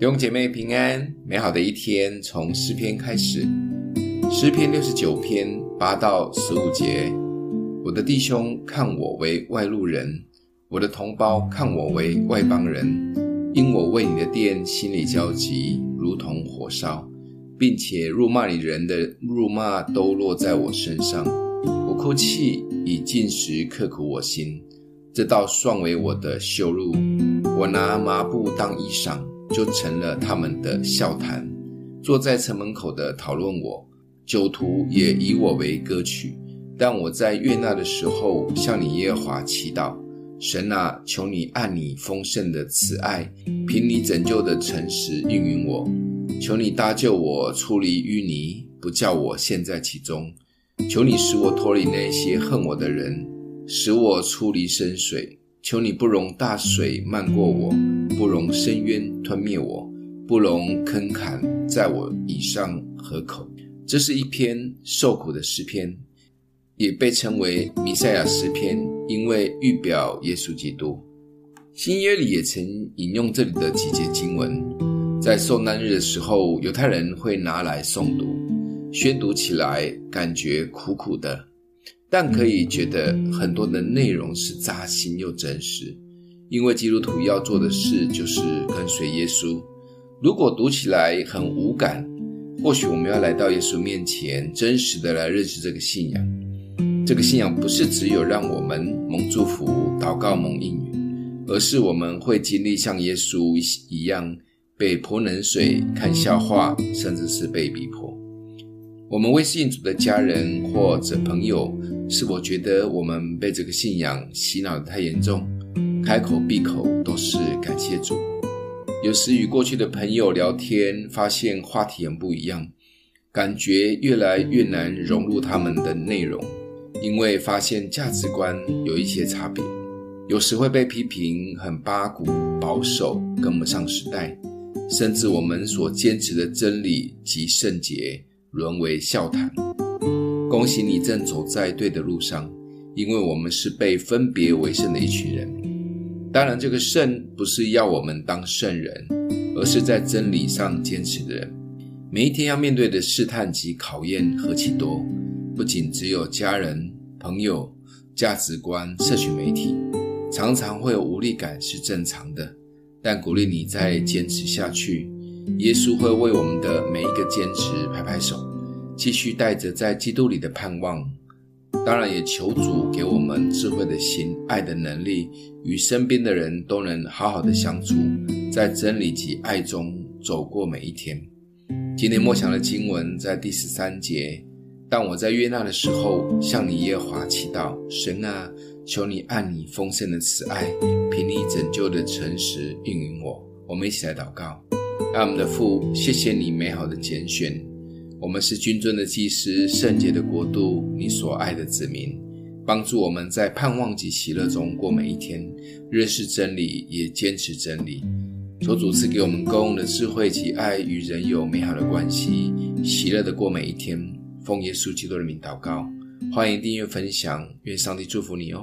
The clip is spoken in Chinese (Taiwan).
弟兄姐妹平安，美好的一天從詩篇開始。詩篇六十九篇八到十五節：我的弟兄看我為外路人，我的同胞看我為外邦人。因我為你的殿，心裡焦急，如同火燒，並且辱罵你人的辱罵都落在我身上。我哭泣以禁食，刻苦我心，這倒算為我的羞辱。我拿麻布當衣裳。就成了他們的笑談。坐在城門口的討論我，酒徒也以我為歌曲。但我在悅納的時候，向你耶和華祈禱：神啊，求你按你豐盛的慈愛，憑你拯救的誠實，應允我；求你搭救我，出離淤泥，不叫我陷在其中；求你使我脫離那些恨我的人，使我出離深水；求你不容大水漫過我。不容深淵吞滅我，不容坑坎在我以上合口。這是一篇受苦的詩篇，也被稱為彌賽亞詩篇，因為預表耶穌基督。新約裡也曾引用這裡的幾節經文，在受難日的時候，猶太人會拿來誦讀。宣讀起來感覺苦苦的，但可以覺得很多的內容是扎心又真實。因為基督徒要做的事就是跟隨耶穌。如果讀起來很無感，或許我們要來到耶穌面前，真實的來認識這個信仰。這個信仰不是只有讓我們蒙祝福、禱告、蒙應允，而是我們會經歷像耶穌一樣被潑冷水、看笑話，甚至是被逼迫。我們未信主的家人或者朋友，是否覺得我們被這個信仰洗腦的太嚴重？開口閉口都是感謝主。有時與過去的朋友聊天，發現話題很不一樣，感覺越來越難融入他們的內容，因為發現價值觀有一些差別。有時會被批評很八股、保守、跟不上時代，甚至我們所堅持的真理及聖潔淪為笑談。恭喜你正走在對的路上，因為我們是被分別為聖的一群人。當然，這個聖不是要我們當聖人，而是在真理上堅持的人。每一天要面對的試探及考驗何其多，不僅只有家人、朋友、價值觀、社群媒體，常常會有無力感是正常的。但鼓勵你再堅持下去，耶穌會為我們的每一個堅持拍拍手。繼續帶着在基督裡的盼望。當然也求主給我們智慧的心、愛的能力，與身邊的人都能好好的相處，在真理及愛中走過每一天。今天默想的經文在第十三節。但我在悅納的時候，向你耶和華祈禱，神啊，求你按你豐盛的慈愛，憑你拯救的誠實，應允我。我們一起來禱告，愛我們的父，謝謝你美好的揀選。我們是君尊的祭司，聖潔的國度，你所愛的子民，幫助我們在盼望及喜樂中過每一天，認識真理，也堅持真理。求主賜給我們夠用的智慧及愛，與人有美好的關係，喜樂的過每一天。奉耶穌基督的名禱告，歡迎訂閱分享，願上帝祝福你哦。